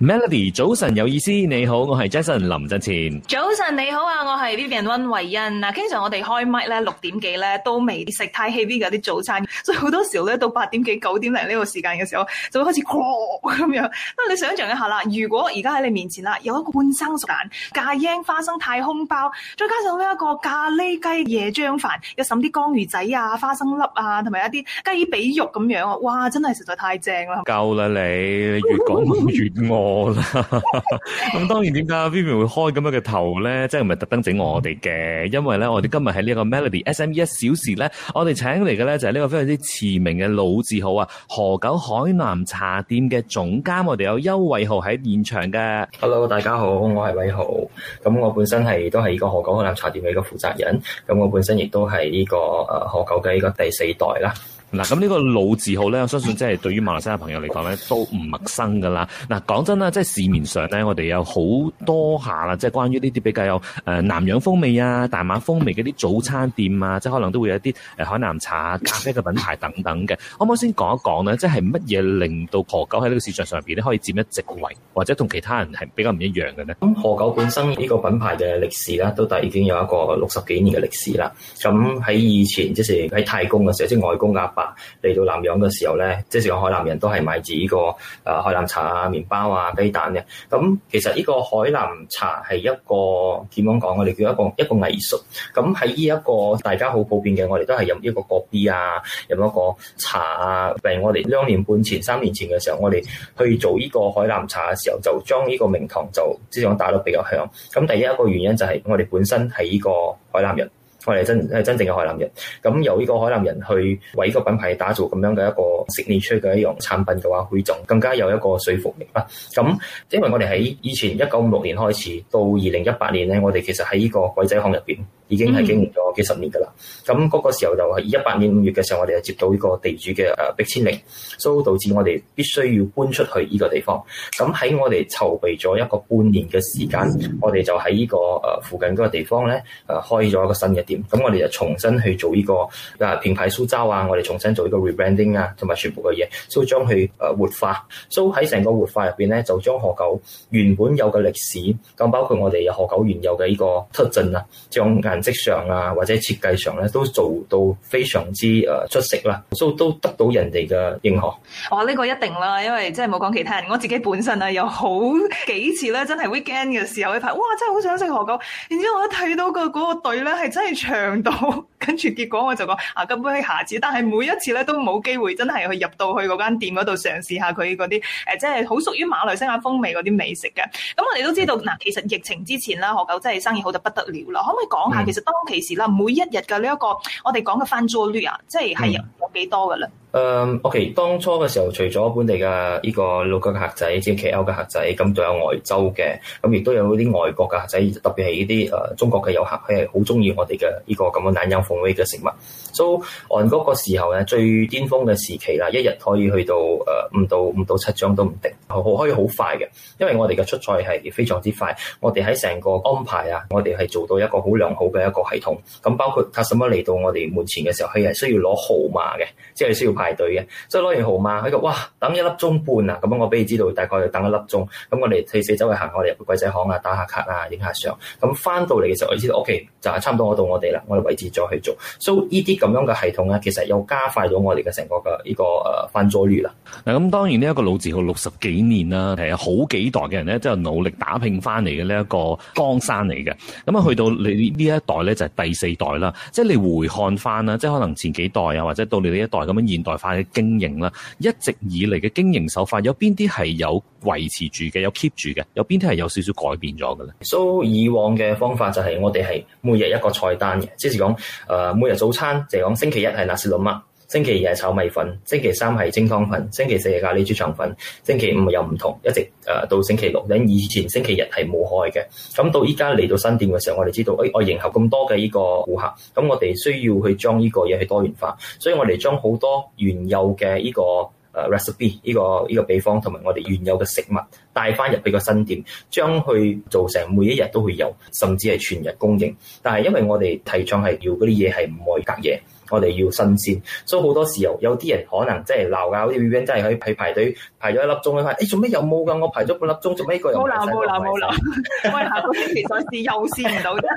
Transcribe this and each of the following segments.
Melody，早晨有意思，你好，我係 Jason 林振前。早晨你好啊，我係 Vivian 温慧欣。嗱，經常我哋開麥咧六點幾咧都未食太 heavy 啲早餐，所以好多時候咧到八點幾九點零呢個時間嘅時候，就會開始咵咁樣。不過你想象一下啦，如果而家喺你面前啦，有一個半生熟蛋、咖椰花生太空包，再加上呢一個咖喱雞椰漿飯，又滲啲江魚仔啊、花生粒啊，同埋一啲雞髀肉咁樣，哇，真係實在太正啦！夠啦你，你越講越餓。 咁 當然點解 Vivi 會開咁樣嘅頭咧？即係唔係特登整我哋嘅？因為咧，我哋今日喺呢一個 Melody SME 一小時咧，我哋請嚟嘅咧就係呢個非常之馳名嘅老字號啊，何九海南茶店嘅總監。我哋有優惠豪喺現場嘅。Hello，大家好，我係威豪。咁我本身係都係呢個何九海南茶店嘅一個負責人。咁我本身亦都係呢個誒何九嘅呢個第四代啦。嗱，咁呢個老字號咧，我相信即係對於馬來西亞朋友嚟講咧，都唔陌生噶啦。嗱，講真啦，即係市面上咧，我哋有好多下啦，即係關於呢啲比較有誒南洋風味啊、大馬風味嗰啲早餐店啊，即係可能都會有一啲海南茶、咖啡嘅品牌等等嘅。可唔可以先講一講咧？即係乜嘢令到何九喺呢個市場上面咧可以佔一席位，或者同其他人係比較唔一樣嘅咧？咁何九本身呢個品牌嘅歷史呢，都已經有一個六十幾年嘅歷史啦。咁喺以前，即係喺太公嘅時候，即係外公啊嚟到南洋嘅時候咧，即係講海南人都係買自呢個啊海南茶啊、麵包啊、雞蛋嘅。咁其實呢個海南茶係一個點樣講？我哋叫一個一個藝術。咁喺呢一個大家好普遍嘅，我哋都係飲一個咖啡啊，飲一個茶啊。譬如我哋兩年半前、三年前嘅時候，我哋去做呢個海南茶嘅時候，就將呢個名堂就即係講打到比較響。咁第一個原因就係我哋本身係呢個海南人。我哋真係真正嘅海南人，咁由呢個海南人去為呢個品牌打造咁樣嘅一個 signature 嘅一樣產品嘅話，會仲更加有一個說服力啊！咁，因為我哋喺以前一九五六年開始到二零一八年咧，我哋其實喺呢個鬼仔行入邊。已經係經營咗幾十年㗎啦，咁嗰個時候就係二一八年五月嘅時候，我哋就接到呢個地主嘅逼遷令，所以導致我哋必須要搬出去呢個地方。咁喺我哋籌備咗一個半年嘅時間，我哋就喺呢個附近嗰個地方咧誒開咗一個新嘅店。咁我哋就重新去做呢個平書啊品牌蘇州啊，我哋重新做呢個 rebranding 啊，同埋全部嘅嘢，所以將佢活化。所以喺成個活化入面咧，就將何九原本有嘅歷史，咁包括我哋有何九原有嘅呢個特徵啊，將質上啊，或者設計上咧，都做到非常之誒出色啦，所以都得到人哋嘅認可。哇，呢個一定啦，因為即係冇講其他人，我自己本身啊，有好幾次咧，真係 weekend 嘅時候咧，排哇真係好想食河狗，然之後我一睇到嗰個嗰個隊咧係真係長到，跟住結果我就講啊，根本係下次，但係每一次咧都冇機會，真係去入到去嗰間店嗰度嘗試下佢嗰啲誒，即係好屬於馬來西亞風味嗰啲美食嘅。咁我哋都知道，嗱，其實疫情之前咧，河狗真係生意好到不得了啦，可唔可以講下？其實當其時啦，每一日嘅呢一個我哋講嘅翻租率啊，即係係有幾多嘅咧？誒、um，OK，當初嘅時候，除咗本地嘅呢個 local 客仔，即係 KL 嘅客仔，咁仲有外州嘅，咁亦都有啲外國嘅客仔，特別係呢啲誒中國嘅遊客，佢係好中意我哋嘅呢個咁嘅南洋風味嘅食物。所以按嗰個時候咧，最巔峯嘅時期啦，一日可以去到誒五、呃、到五到七張都唔定，可可以好快嘅，因為我哋嘅出菜係非常之快，我哋喺成個安排啊，我哋係做到一個好良好嘅一個系統。咁包括 customer 嚟到我哋門前嘅時候，佢係需要攞號碼嘅，即係需要，排隊嘅，所以攞完號碼喺度，哇！等一粒鐘半啊，咁樣我俾你知道大概要等一粒鐘。咁我哋四四周走去行，我哋入去鬼仔巷啊，打下卡啊，影下相。咁翻到嚟嘅時候，我知道，OK，就係差唔多我到我哋啦。我哋位置再去做。所以呢啲咁樣嘅系統咧，其實又加快咗我哋嘅成個嘅呢、這個誒翻枱率啦。嗱、啊，咁當然呢一個老字號六十幾年啦，係好幾代嘅人咧，即、就、係、是、努力打拼翻嚟嘅呢一個江山嚟嘅。咁啊，去到你呢一代咧，就係、是、第四代啦。即係你回看翻啦，即係可能前幾代啊，或者到你呢一代咁樣延。內化嘅經營啦，一直以嚟嘅經營手法有邊啲係有維持住嘅，有 keep 住嘅，有邊啲係有少少改變咗嘅呢？So，以往嘅方法就係我哋係每日一個菜單嘅，即是講誒、呃、每日早餐就係講星期一係 Nasi Lemak 啊。星期二係炒米粉，星期三係蒸湯粉，星期四係咖喱豬腸粉，星期五又唔同，一直誒到星期六。咁以前星期日係冇開嘅，咁到依家嚟到新店嘅時候，我哋知道，誒我迎合咁多嘅依個顧客，咁我哋需要去將呢個嘢去多元化，所以我哋將好多原有嘅依個 recipe，呢個依個比方同埋我哋原有嘅食物帶翻入俾個新店，將佢做成每一日都會有，甚至係全日供應。但係因為我哋提倡係要嗰啲嘢係唔可以隔夜。我哋要新鮮，所以好多時候有啲人可能即係鬧啊，好似 Uber 真係去去排隊排咗一粒鐘咧，誒做咩有冇㗎？我排咗半粒鐘，做咩呢個又冇？冇鬧，冇鬧，冇鬧，我係下個星期再試又試唔到啫。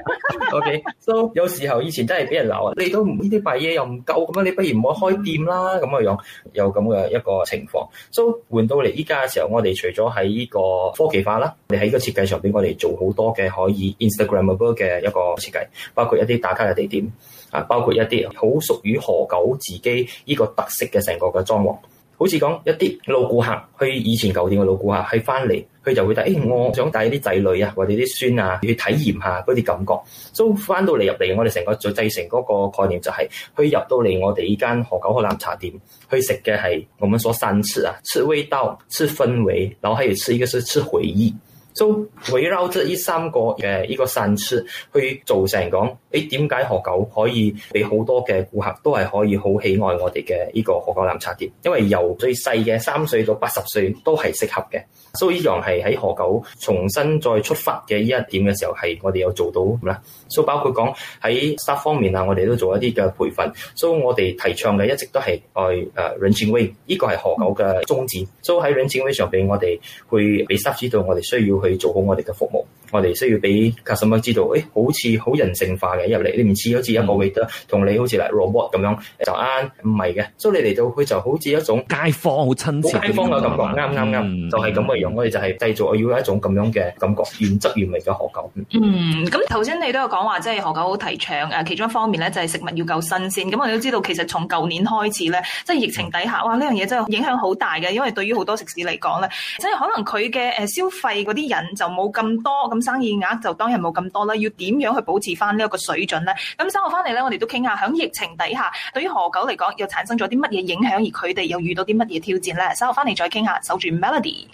OK，所、so, 以有時候以前真係俾人鬧啊，你都呢啲賣嘢又唔夠咁樣，你不如唔好開店啦咁嘅樣，有咁嘅一個情況。所、so, 以換到嚟依家嘅時候，我哋除咗喺依個科技化啦，你喺個設計上面，我哋做好多嘅可以 Instagrammable 嘅一個設計，包括一啲打卡嘅地點。啊，包括一啲好屬於何九自己呢個特色嘅成個嘅裝潢，好似講一啲老顧客，去以前舊店嘅老顧客，去翻嚟，佢就會帶誒、哎、我想帶啲仔女啊，或者啲孫啊，去體驗下嗰啲感覺，所以翻到嚟入嚟，我哋成個就製成嗰個概念就係，去入到嚟我哋依間何九海南茶店，去食嘅係，我們所散吃啊，吃味道，吃氛圍，然後係要呢一個是吃回憶。So, 都圍繞住呢三個嘅呢個散出，去做成講，誒點解何九可以俾好多嘅顧客都係可以好喜愛我哋嘅呢個何九奶茶店？因為由最細嘅三歲到八十歲都係適合嘅，所以呢樣係喺何九重新再出發嘅呢一點嘅時候，係我哋有做到咩咧？所、so, 以包括講喺 staff 方面啊，我哋都做一啲嘅培訓，所、so, 以我哋提倡嘅一直都係誒誒，range way，依個係何九嘅宗旨。所、so, 以喺 range way 上邊，我哋去俾 staff 知道我哋需要。可以做好我哋嘅服務。我哋需要俾卡什乜知道，欸、好似好人性化嘅入嚟，你唔似好似一個味得同你好似嚟 robot 咁樣就啱，唔係嘅，所以你嚟到佢就好似一種街坊好親切嘅感覺，啱啱啱，就係咁嘅樣用，我哋就係製造我要一種咁樣嘅感覺，原汁原味嘅何九。嗯，咁頭先你都有講話，即係何九好提倡其中一方面咧就係、是、食物要夠新鮮。咁我哋都知道，其實從舊年開始咧，即、就、係、是、疫情底下，嗯、哇呢樣嘢真係影響好大嘅，因為對於好多食肆嚟講咧，即、就、係、是、可能佢嘅消費嗰啲人就冇咁多咁。生意額就當然冇咁多啦，要點樣去保持翻呢一個水準咧？咁稍後翻嚟咧，我哋都傾下喺疫情底下，對於何九嚟講又產生咗啲乜嘢影響，而佢哋又遇到啲乜嘢挑戰咧？稍後翻嚟再傾下，守住 melody。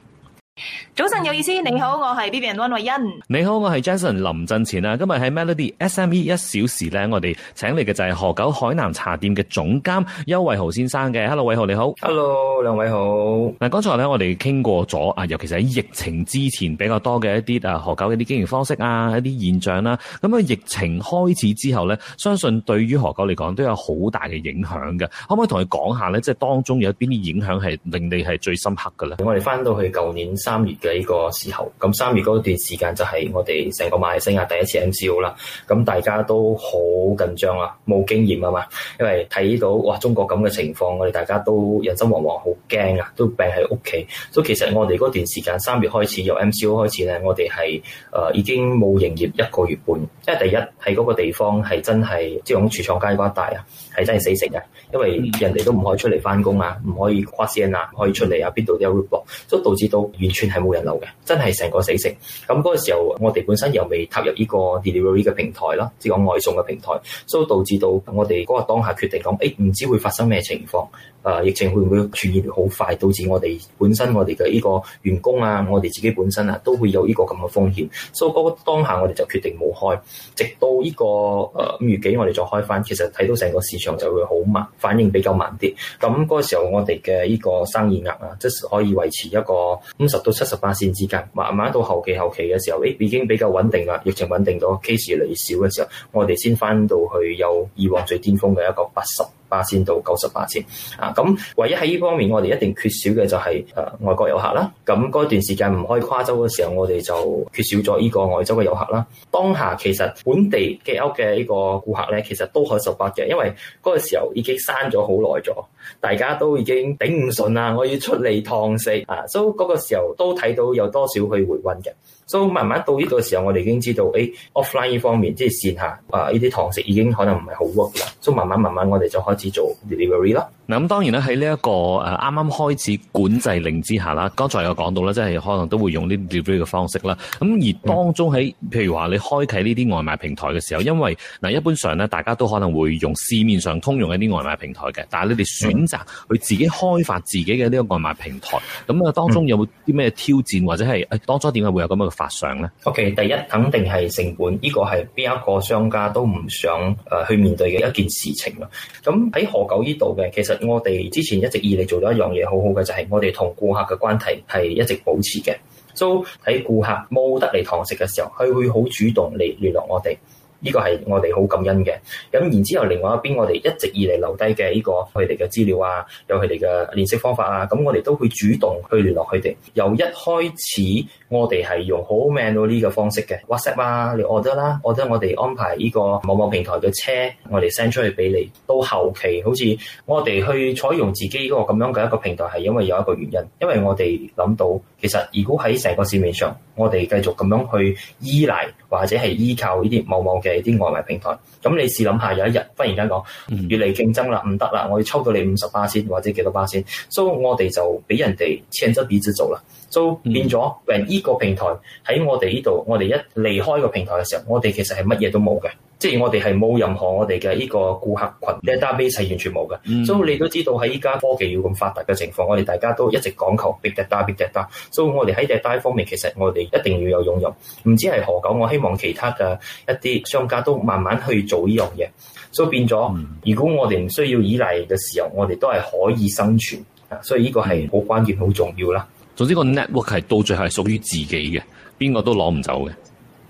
早晨有意思，你好，我係 B B n 溫慧欣。你好，我係 Jason 林振前啊，今日喺 Melody S M E 一小時咧，我哋請嚟嘅就係何九海南茶店嘅總監邱偉豪先生嘅。Hello，偉豪你好。Hello，兩位好。嗱、啊，剛才咧我哋傾過咗啊，尤其是喺疫情之前比較多嘅一啲啊何九嘅啲經營方式啊一啲現象啦、啊。咁、嗯、啊，疫情開始之後咧，相信對於何九嚟講都有好大嘅影響嘅。可唔可以同佢講一下咧？即係當中有邊啲影響係令你係最深刻嘅咧？我哋翻到去舊年，三月嘅呢個時候，咁三月嗰段時間就係我哋成個馬來西亞第一次 MCO 啦。咁大家都好緊張啦，冇經驗啊嘛。因為睇到哇中國咁嘅情況，我哋大家都人心惶惶，好驚啊，都病喺屋企。所以其實我哋嗰段時間，三月開始由 MCO 開始咧，我哋係誒已經冇營業一個月半。即係第一喺嗰個地方係真係即係講廚廠街級大啊，係真係死死嘅。因為人哋都唔可以出嚟翻工啊，唔可以跨線啊，唔可以出嚟啊，邊度都有 report 所以導致到完全全係冇人流嘅，真係成個死城。咁嗰個時候，我哋本身又未踏入呢個 delivery 嘅平台啦，即係講外送嘅平台，所以導致到我哋嗰個當下決定講，誒、欸、唔知會發生咩情況？誒疫情會唔會傳染好快，導致我哋本身我哋嘅呢個員工啊，我哋自己本身啊，都會有呢個咁嘅風險。所以嗰個當下我哋就決定冇開，直到呢個誒五月幾我哋再開翻。其實睇到成個市場就會好慢，反應比較慢啲。咁嗰時候我哋嘅呢個生意額啊，即、就、係、是、可以維持一個五十。到七十八線之間，慢慢到後期後期嘅時候，已經比較穩定啦，疫情穩定咗，case 越嚟越少嘅時候，我哋先翻到去有以往最巔峰嘅一個八十八線到九十八線啊！咁唯一喺呢方面我哋一定缺少嘅就係、是呃、外國遊客啦。咁、那、嗰、個、段時間唔可以跨洲嘅時候，我哋就缺少咗呢個外洲嘅遊客啦。當下其實本地嘅屋嘅呢個顧客咧，其實都可以十八嘅，因為嗰個時候已經閂咗好耐咗。大家都已經頂唔順啦，我要出嚟堂食啊，所以嗰個時候都睇到有多少去回溫嘅，所、so, 以慢慢到呢個時候，我哋已經知道，誒、欸、offline 呢方面即係、就是、線下啊，呢啲堂食已經可能唔係好 work 啦，所、so, 以慢慢慢慢我哋就開始做 delivery 囉。嗱咁當然啦，喺呢一個誒啱啱開始管制令之下啦，剛才有講到啦，即係可能都會用呢啲 delivery 嘅方式啦。咁而當中喺譬如話你開啟呢啲外賣平台嘅時候，因為嗱一般上咧大家都可能會用市面上通用嘅啲外賣平台嘅，但係你哋選擇去自己開發自己嘅呢個外賣平台，咁啊當中有冇啲咩挑戰或者係誒、哎、當初點解會有咁樣嘅發想咧？OK，第一肯定係成本，呢個係邊一個商家都唔想誒去面對嘅一件事情。咁喺何九呢度嘅其實～我哋之前一直以嚟做咗一樣嘢，好好嘅就係、是、我哋同顧客嘅關係係一直保持嘅，So 喺顧客冇得嚟堂食嘅時候，佢會好主動嚟聯絡我哋，呢、這個係我哋好感恩嘅。咁然之後另外一邊，我哋一直以嚟留低嘅呢個佢哋嘅資料啊，有佢哋嘅聯繫方法啊，咁我哋都會主動去聯絡佢哋，由一開始。我哋係用好 manual 呢個方式嘅 WhatsApp 啊，你 order 啦，order 我哋安排呢個網網平台嘅車，我哋 send 出去俾你。到後期，好似我哋去採用自己嗰個咁樣嘅一個平台，係因為有一個原因，因為我哋諗到，其實如果喺成個市面上，我哋繼續咁樣去依賴或者係依靠呢啲網網嘅啲外賣平台，咁你試諗下，有一日忽然間講越嚟競爭啦，唔得啦，我要抽到你五十巴先或者幾多巴先，所以、so, 我哋就俾人哋搶咗彼此做啦。都、so, mm -hmm. 變咗，誒，依個平台喺我哋呢度，我哋一離開個平台嘅時候，我哋其實係乜嘢都冇嘅，即係我哋係冇任何我哋嘅呢個顧客群 database 係、mm -hmm. 完全冇嘅。所以你都知道喺依家科技要咁發達嘅情況，我哋大家都一直講求 big data big data。所以我哋喺 data 方面其實我哋一定要有融入，唔知係何九，我希望其他嘅一啲商家都慢慢去做呢樣嘢。所以變咗，如果我哋唔需要依賴嘅時候，我哋都係可以生存。所以呢個係好關鍵、好重要啦。總之個 network 係到最後係屬於自己嘅，邊個都攞唔走嘅。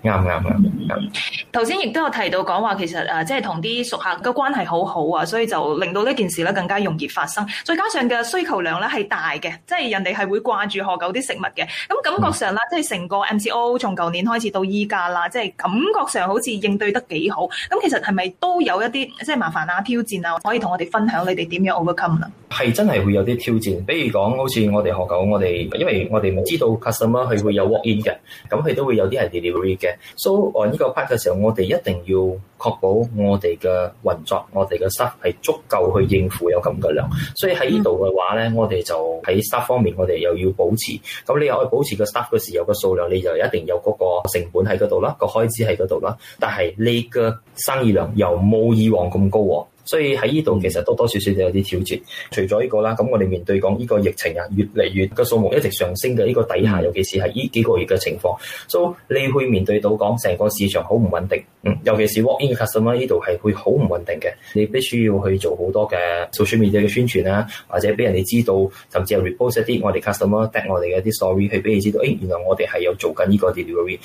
啱啱啱，頭先亦都有提到講話，其實誒，即係同啲熟客個關係好好啊，所以就令到呢件事咧更加容易發生。再加上嘅需求量咧係大嘅，即係人哋係會掛住何九啲食物嘅。咁感覺上啦，即係成個 MCO 從舊年開始到依家啦，即係感覺上好似應對得幾好。咁其實係咪都有一啲即係麻煩啊、挑戰啊，可以同我哋分享你哋點樣 overcome 啦、啊？係真係會有啲挑戰，比如講好似我哋何九我，我哋因為我哋唔知道 customer 係會有 walk in 嘅，咁佢都會有啲係 So on 呢個 part 嘅時候，mm. 我哋一定要確保我哋嘅運作，mm. 我哋嘅 staff 係足夠去應付有咁嘅量。所以喺呢度嘅話咧，我哋就喺 staff 方面，我哋又要保持。咁你又可以保持個 staff 嘅時候嘅數量，你就一定有嗰個成本喺嗰度啦，個開支喺嗰度啦。但係你嘅生意量又冇以往咁高。所以喺呢度其實多多少少就有啲挑戰，除了、這個，除咗呢個啦，咁我哋面對講呢個疫情啊，越嚟越個數目一直上升嘅呢個底下，尤其是係呢幾個月嘅情況，所以你會面對到講成個市場好唔穩定，嗯，尤其是 walk in 嘅 customer 呢度係會好唔穩定嘅，你必須要去做好多嘅 social media 嘅宣傳啊，或者俾人哋知道，甚至係 report 一啲我哋 customer 得、嗯、我哋嘅一啲 story 去俾人知道，誒原來我哋係有做緊呢個 delivery，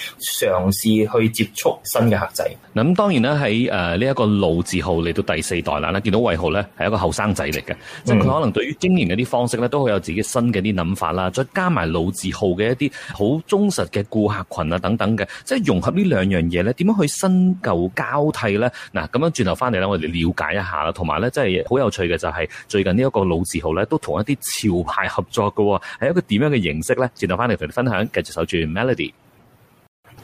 嘗試去接觸新嘅客仔。嗱、咁當然啦，喺誒呢一個老字號嚟到第四代。嗱、哦，見到維豪咧係一個後生仔嚟嘅，即係佢可能對於經營嗰啲方式咧都會有自己新嘅啲諗法啦。再加埋老字號嘅一啲好忠實嘅顧客群啊，等等嘅，即係融合呢兩樣嘢咧，點樣去新舊交替咧？嗱、啊，咁樣轉頭翻嚟咧，我哋了解一下啦，同埋咧即係好有趣嘅就係、是、最近呢一個老字號咧都同一啲潮牌合作嘅、哦，係一個點樣嘅形式咧？轉頭翻嚟同你分享，繼續守住 Melody。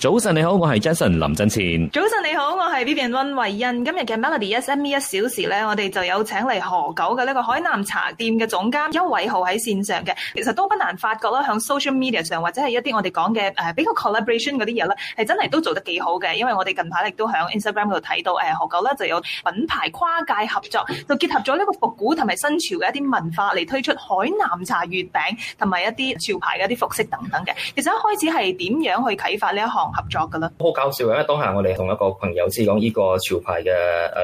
早晨你好，我係 Jason 林振前。早晨你好，我係 Vivian 溫慧欣。今日嘅 Melody SME 一小時咧，我哋就有請嚟何九嘅呢個海南茶店嘅總監邱偉豪喺綫上嘅。其實都不難發覺啦，響 social media 上或者係一啲我哋講嘅誒比較 collaboration 嗰啲嘢咧，係真係都做得幾好嘅。因為我哋近排亦都響 Instagram 度睇到，誒何九咧就有品牌跨界合作，就結合咗呢個復古同埋新潮嘅一啲文化嚟推出海南茶月餅同埋一啲潮牌嘅一啲服飾等等嘅。其實一開始係點樣去啟發呢一項。合作嘅啦，好搞笑嘅，當下我哋同一個朋友，即係講呢個潮牌嘅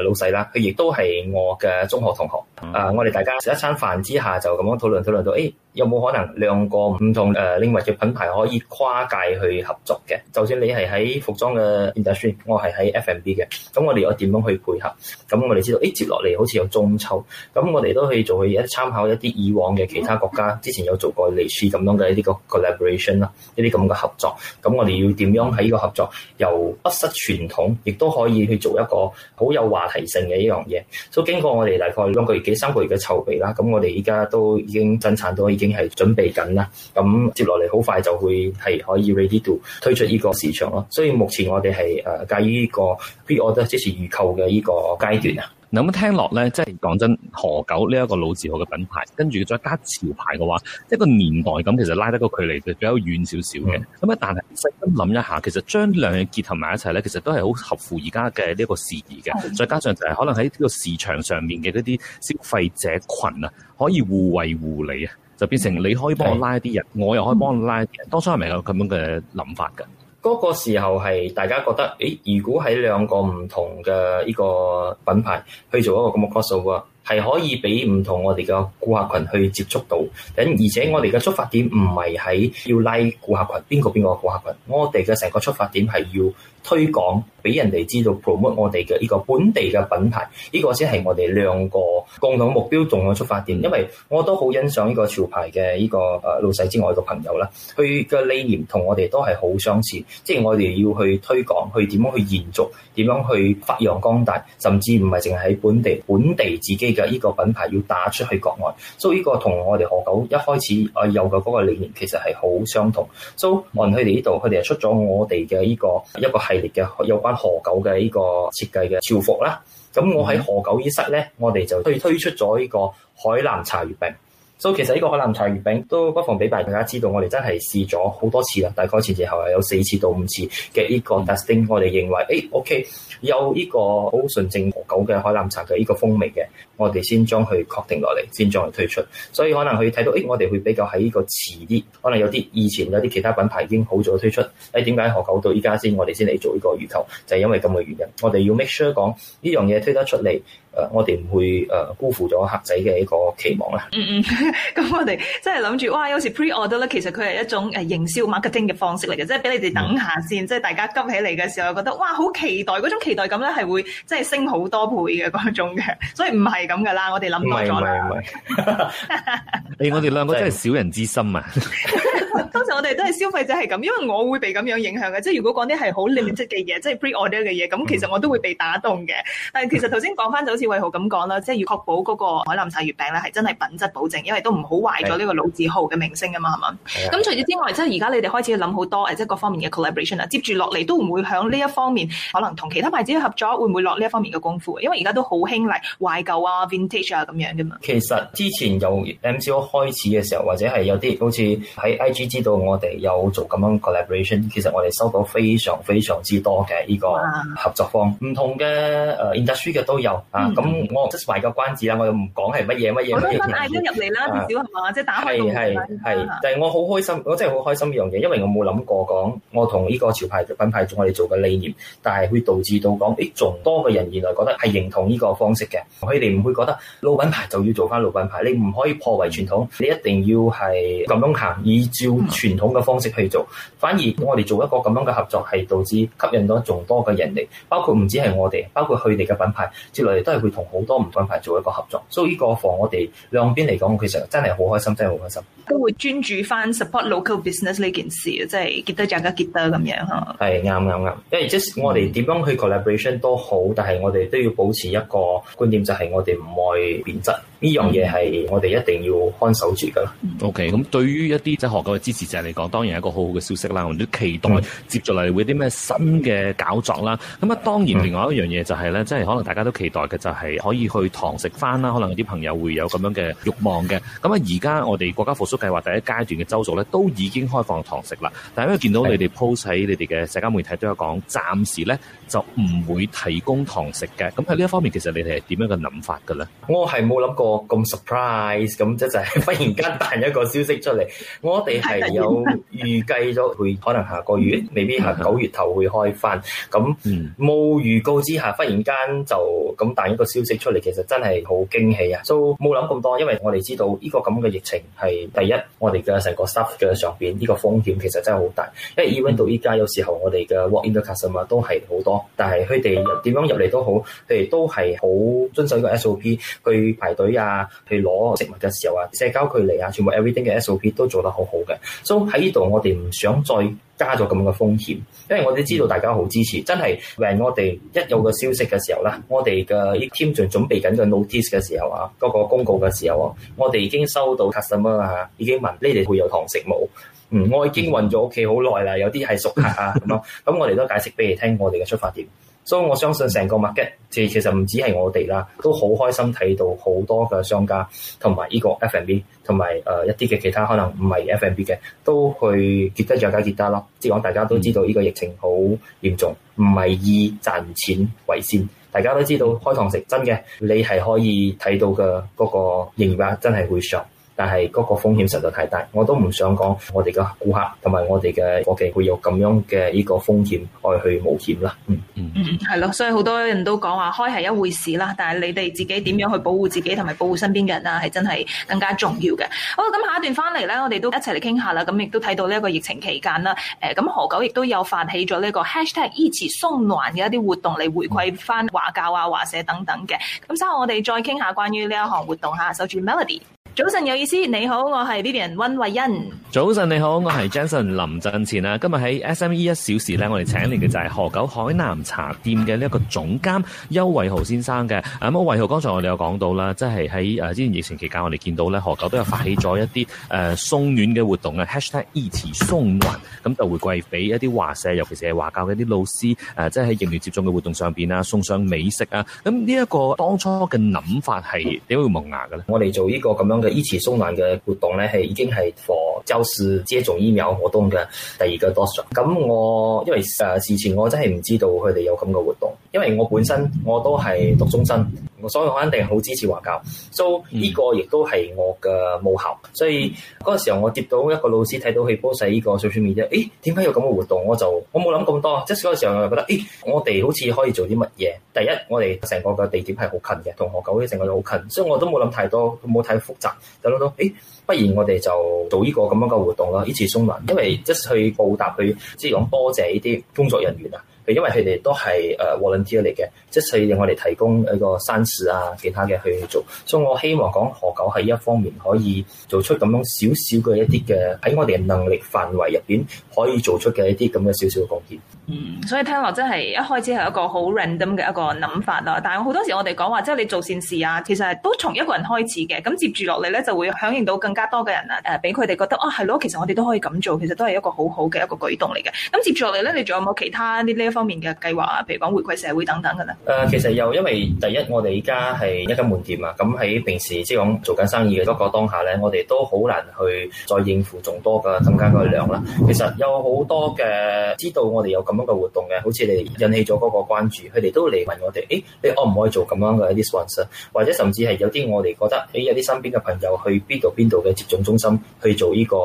老細啦，佢亦都係我嘅中學同學，mm -hmm。呃，我哋大家食一餐飯之下就咁樣討論討論到誒。哎有冇可能兩個唔同，誒，領域嘅品牌可以跨界去合作嘅？就算你係喺服裝嘅 industry，我係喺 F&B m 嘅，咁我哋又點樣去配合？咁我哋知道，誒、欸、接落嚟好似有中秋，咁我哋都可以做去參參考一啲以往嘅其他國家之前有做過類似咁樣嘅一啲個 collaboration 啦，一啲咁嘅合作。咁我哋要點樣喺呢個合作，又不失傳統，亦都可以去做一個好有話題性嘅呢樣嘢。所以經過我哋大概兩個月幾三個月嘅籌備啦，咁我哋依家都已經生產到已經係準備緊啦，咁接落嚟好快就會係可以 ready to 推出呢個市場咯。所以目前我哋係誒介於呢個 pre order 即是預購嘅呢個階段啊。嗱咁聽落咧，即係講真，何九呢一個老字號嘅品牌，跟住再加潮牌嘅話，一個年代咁，其實拉得個距離就比較遠少少嘅。咁、嗯、啊，但係細心諗一下，其實將兩樣結合埋一齊咧，其實都係好合乎而家嘅呢個時宜嘅，嗯。再加上就係可能喺呢個市場上面嘅嗰啲消費者群啊，可以互惠互利啊。就變成你可以幫我拉啲人，我又可以幫你拉啲人，嗯。當初係冇有咁樣嘅諗法嘅。嗰、那個時候係大家覺得，咦，如果喺兩個唔同嘅呢個品牌去做一個咁嘅 crossover 啊，係可以俾唔同我哋嘅顧客群去接觸到，等而且我哋嘅出發點唔係喺要拉顧客群邊個邊個顧客群，我哋嘅成個出發點係要推廣，俾人哋知道 promote 我哋嘅呢個本地嘅品牌，呢個先係我哋兩個共同目標，重要出發點。因為我都好欣賞呢個潮牌嘅呢個誒老細之外嘅朋友啦，佢嘅理念同我哋都係好相似，即係我哋要去推廣，去點樣去延續，點樣去發揚光大，甚至唔係淨係喺本地本地自己。嘅、這、呢個品牌要打出去國外，所以呢個同我哋何九一開始我有嘅嗰個理念其實係好相同。所以問佢哋呢度，佢哋係出咗我哋嘅呢個一個系列嘅有關何九嘅呢個設計嘅潮服啦。咁我喺何九一室咧，我哋就推推出咗呢個海南茶月餅。所、so, 以其實呢個海南茶月餅都不妨俾大家知道，我哋真係試咗好多次啦，大概前前後後有四次到五次嘅呢個 Dustin 我哋認為，誒、欸、OK 有呢個好純正、何九嘅海南茶嘅呢、這個風味嘅，我哋先將佢確定落嚟，先將佢推出。所以可能佢睇到，誒、欸、我哋會比較喺呢個遲啲，可能有啲以前有啲其他品牌已經好早推出，誒點解何九到依家先，我哋先嚟做呢個月球，就係、是、因為咁嘅原因。我哋要 make sure 講呢樣嘢推得出嚟。誒、uh，我哋唔會誒辜負咗客仔嘅一個期望啦。嗯嗯，咁我哋真係諗住，哇！有時 pre order 咧，其實佢係一種誒營銷 marketing 嘅方式嚟嘅，即係俾你哋等下先，嗯、即係大家急起嚟嘅時候，覺得哇，好期待嗰種期待感咧，係會即係升好多倍嘅嗰種嘅。所以唔係咁噶啦，我哋諗咗唔係唔係，我哋兩個真係小人之心啊！ 當 時我哋都係消費者係咁，因為我會被咁樣影響嘅，即係如果講啲係好 limit 嘅嘢，即係 preorder 嘅嘢，咁其實我都會被打動嘅。但係其實頭先講翻就好似偉豪咁講啦，即係要確保嗰個海南茶月餅咧係真係品質保證，因為都唔好壞咗呢個老字號嘅名聲啊嘛，係嘛？咁除此之外，即係而家你哋開始諗好多，即係各方面嘅 collaboration 啊，接住落嚟都唔會響呢一方面，可能同其他牌子合作，會唔會落呢一方面嘅功夫？因為而家都好興嚟懷舊啊、vintage 啊咁樣嘅嘛。其實之前由 MCO 開始嘅時候，或者係有啲好似喺知道我哋有做咁樣 collaboration，其實我哋收到非常非常之多嘅呢個合作方，唔同嘅誒 industry 嘅都有啊、嗯。咁、嗯嗯嗯、我即使 s t 懷個關子啦，我又唔講係乜嘢乜嘢乜嘢。但係新入嚟啦，唔少行嘛，即打開係係係，但係我好開心，我真係好開心呢樣嘢，因為我冇諗過講我同呢個潮牌嘅品牌做我哋做嘅理念，但係會導致到講誒仲多嘅人原來覺得係認同呢個方式嘅，佢哋唔會覺得老品牌就要做翻老品牌，你唔可以破維傳統，你一定要係咁樣行，以照。傳統嘅方式去做，反而我哋做一個咁樣嘅合作，係導致吸引咗仲多嘅人嚟，包括唔止係我哋，包括佢哋嘅品牌，接落嚟都係會同好多唔同嘅品牌做一個合作。所以呢個方，我哋兩邊嚟講，其實真係好開心，真係好開心。都會專注返 support local business 呢件事，即係結得大家結得咁樣嚇。係啱啱啱，因為即係我哋點樣去 collaboration 都好，但係我哋都要保持一個觀點，就係我哋唔會變質。呢樣嘢係我哋一定要看守住噶。OK，咁對於一啲即係學界嘅支持者嚟講，當然係一個好好嘅消息啦。我哋都期待接住嚟會有啲咩新嘅搞作啦。咁啊，當然另外一樣嘢就係、是、咧，即、嗯、係可能大家都期待嘅就係、是、可以去堂食翻啦。可能有啲朋友會有咁樣嘅慾望嘅。咁啊，而家我哋國家復甦計劃第一階段嘅州屬咧，都已經開放堂食啦。但係因為見到你哋 post 喺你哋嘅社交媒體都有講，暫時咧就唔會提供堂食嘅。咁喺呢一方面，其實你哋係點樣嘅諗法嘅咧？我係冇諗過。咁 surprise 咁，即就係忽然間彈一個消息出嚟，我哋係有預計咗佢可能下個月，未必下九月頭會開翻。咁冇預告之下，忽然間就咁彈一個消息出嚟，其實真係好驚喜啊！都冇諗咁多，因為我哋知道呢個咁嘅疫情係第一，我哋嘅成個 staff 嘅上邊呢個風險其實真係好大。因為 even 到依家，有時候我哋嘅 walk in the customer 都係好多，但係佢哋又點樣入嚟都好，佢哋都係好遵守呢個 SOP，去排隊。啊，去攞食物嘅時候啊，社交距離啊，全部 everything 嘅 SOP 都做得好好嘅，所以喺呢度我哋唔想再加咗咁嘅風險，因為我哋知道大家好支持，真係 when 我哋一有個消息嘅時候咧，我哋嘅啲 team 仲準備緊 notice 嘅時候啊，嗰個公告嘅時候啊，我哋已經收到 customer 啊，已經問呢，你會有堂食冇？嗯，我已經運咗屋企好耐啦，有啲係熟客啊咁咯，咁 我哋都解釋俾你聽，我哋嘅出發點。所、so, 以我相信成個 market 其其實唔止係我哋啦，都好開心睇到好多嘅商家同埋呢個 F＆B，同埋一啲嘅其他可能唔係 F＆B 嘅，都去結得著，解。結得咯。即係講大家都知道呢個疫情好嚴重，唔係以賺錢為先。大家都知道開堂食真嘅，你係可以睇到嘅嗰個營業額真係會上。但係嗰個風險實在太大，我都唔想講。我哋嘅顧客同埋我哋嘅伙計會有咁樣嘅呢個風險，愛去冒險啦。嗯嗯嗯，係咯。所以好多人都講話開係一回事啦，但係你哋自己點樣去保護自己同埋保護身邊嘅人啦，係真係更加重要嘅。好咁，下一段翻嚟咧，我哋都一齊嚟傾下啦。咁亦都睇到呢一個疫情期間啦。誒咁，何九亦都有發起咗呢個 hashtag 支持送暖嘅一啲活動嚟回饋翻華教啊、華社等等嘅。咁稍後我哋再傾下關於呢一項活動嚇，守住 Melody。早晨有意思，你好，我係 Vivian 温慧欣。早晨你好，我係 Jason 林振前啊。今日喺 SME 一小時呢，我哋請嚟嘅就係何九海南茶店嘅呢一個總監邱偉豪先生嘅。咁啊，偉、嗯、豪剛才我哋有講到啦，即係喺誒之前疫情期間，我哋見到咧何九都有發起咗一啲誒送暖嘅活動啊。#hashtag eat 送暖咁就回饋俾一啲華社，尤其是係華教嘅一啲老師誒、啊，即係喺疫苗接種嘅活動上邊啊，送上美食啊。咁呢一個當初嘅諗法係點會萌芽嘅咧？我哋做呢、這個咁樣的。依次松蘭嘅活動咧，係已經係 for 周四接種疫苗活動嘅第二個 dosage。咁我因為誒事前我真係唔知道佢哋有咁嘅活動，因為我本身我都係讀中生。所以我肯定好支持華教，所以呢個亦都係我嘅母校。所以嗰、那個時候我接到一個老師睇到去波仔呢個送出面啫，咦，點解有咁嘅活動？我就我冇諗咁多，即係嗰、那個、時候我就覺得咦，我哋好似可以做啲乜嘢？第一，我哋成個嘅地點係好近嘅，同學校啲成個都好近，所以我都冇諗太多，冇太複雜，就諗到咦，不如我哋就做呢、這個咁樣嘅活動啦，呢次松環，因為即係去報答佢，即係講多謝呢啲工作人員啊。因為佢哋都係誒 volunteer 嚟嘅，即係用我哋提供一個山市啊，其他嘅去做，所以我希望講何九喺一方面可以做出咁樣少少嘅一啲嘅喺我哋嘅能力範圍入邊可以做出嘅一啲咁嘅少少嘅貢獻。嗯，所以聽落真係一開始係一個好 random 嘅一個諗法啦。但係好多時我哋講話，即係你做善事啊，其實都從一個人開始嘅。咁接住落嚟咧，就會響應到更加多嘅人啊。誒，俾佢哋覺得哦，係咯，其實我哋都可以咁做，其實都係一個好好嘅一個舉動嚟嘅。咁接住落嚟咧，你仲有冇其他啲呢一方面嘅計劃啊？譬如講回饋社會等等嘅咧？誒、呃，其實又因為第一，我哋而家係一間門店啊，咁喺平時即係講做緊生意嘅嗰個當下咧，我哋都好難去再應付仲多嘅增加嘅量啦。其實有好多嘅知道我哋有咁。咁嘅活動嘅，好似你引起咗嗰個關注，佢哋都嚟問我哋，誒、欸、你可唔可以做咁樣嘅一啲 sponsor 或者甚至係有啲我哋覺得，誒、欸、有啲身邊嘅朋友去邊度邊度嘅接種中心去做呢個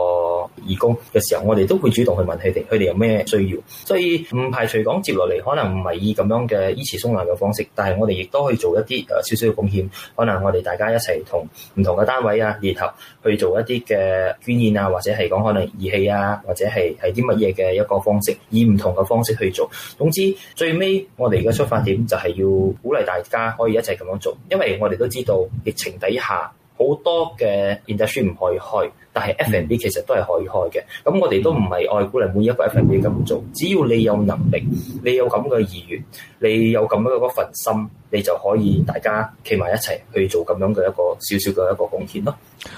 義工嘅時候，我哋都會主動去問佢哋，佢哋有咩需要。所以唔排除講接落嚟可能唔係以咁樣嘅衣辭松蘭嘅方式，但係我哋亦都可以做一啲誒少少嘅貢獻，可能我哋大家一齊同唔同嘅單位啊，然後去做一啲嘅捐獻啊，或者係講可能儀器啊，或者係係啲乜嘢嘅一個方式，以唔同嘅方。方式去做，總之最尾我哋嘅出發點就係要鼓勵大家可以一齊咁樣做，因為我哋都知道疫情底下好多嘅 industry 唔可以開，但係 F&B 其實都係可以開嘅。咁我哋都唔係愛鼓勵每一個 F&B 咁做，只要你有能力，你有咁嘅意願，你有咁樣嘅嗰份心。你就可以大家企埋一齊去做咁樣嘅一個少少嘅一個貢獻咯。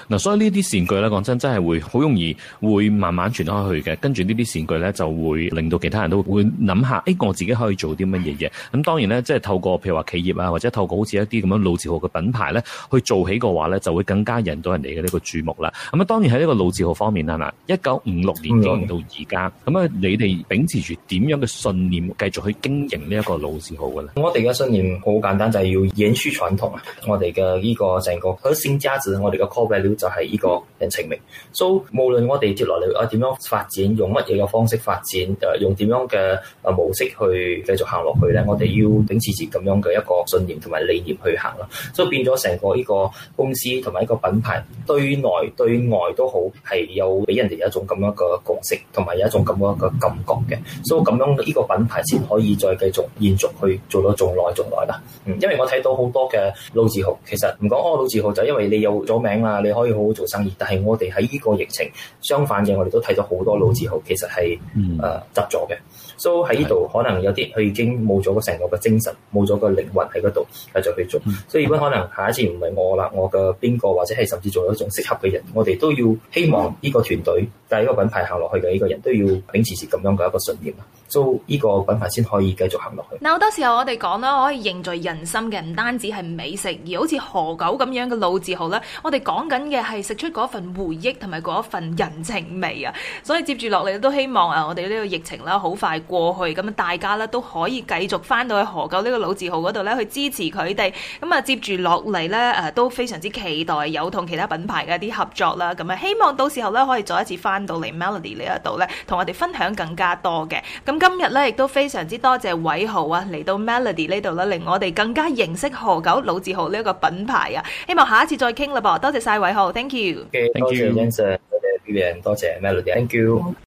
嗱、啊，所以句呢啲善舉咧，講真真係會好容易會慢慢傳開去嘅。跟住呢啲善舉咧，就會令到其他人都會諗下，誒、欸、我自己可以做啲乜嘢嘢。咁、嗯、當然咧，即係透過譬如話企業啊，或者透過好似一啲咁樣老字號嘅品牌咧，去做起嘅話咧，就會更加引到人哋嘅呢個注目啦。咁、嗯、啊，當然喺呢個老字號方面啦，嗱，一九五六年到而家，咁、嗯、啊、嗯，你哋秉持住點樣嘅信念繼續去經營呢一個老字號嘅咧？我哋嘅信念簡單就係要延續傳統啊。我哋嘅呢個成個核心價值，我哋嘅 core value 就係呢個人情味。所、so, 以無論我哋接落嚟啊，點樣發展，用乜嘢嘅方式發展，誒，用點樣嘅誒模式去繼續行落去咧，我哋要秉持住咁樣嘅一個信念同埋理念去行啦。所、so, 以變咗成整個呢個公司同埋一個品牌，對內對外都好係有俾人哋有一種咁樣嘅共識，同埋有，有一種咁樣嘅感覺嘅。所以咁樣呢個品牌先可以再繼續延續去做咗仲耐仲耐啦。嗯、因為我睇到好多嘅老字號，其實唔講哦，老字號就係因為你有咗名啦，你可以好好做生意。但係我哋喺呢個疫情相反嘅，我哋都睇到好多老字號其實係誒、嗯呃、執咗嘅。So 喺呢度可能有啲佢已經冇咗個成個嘅精神，冇咗個靈魂喺嗰度，繼續去做。所以如果可能下一次唔係我啦，我嘅邊個或者係甚至做一種適合嘅人，我哋都要希望呢個團隊帶呢個品牌行落去嘅呢個人都要秉持住咁樣嘅一個信念，So 呢個品牌先可以繼續行落去。嗱好多時候我哋講啦，我可以凝聚人心嘅唔單止係美食，而好似何九咁樣嘅老字號呢，我哋講緊嘅係食出嗰份回憶同埋嗰一份人情味啊！所以接住落嚟都希望啊，我哋呢個疫情啦好快過去，咁大家呢都可以繼續翻到去何九呢個老字號嗰度呢去支持佢哋。咁啊，接住落嚟呢都非常之期待有同其他品牌嘅一啲合作啦。咁啊，希望到時候呢可以再一次翻到嚟 Melody 呢一度呢，同我哋分享更加多嘅。咁今日呢亦都非常之多謝偉豪啊嚟到 Melody 呢度啦。令我哋更加認識何九老字號呢一個品牌啊！希望下一次再傾嘞噃，多謝晒偉浩，thank you，多謝先生，多謝 BBN，多謝 Melody，thank you。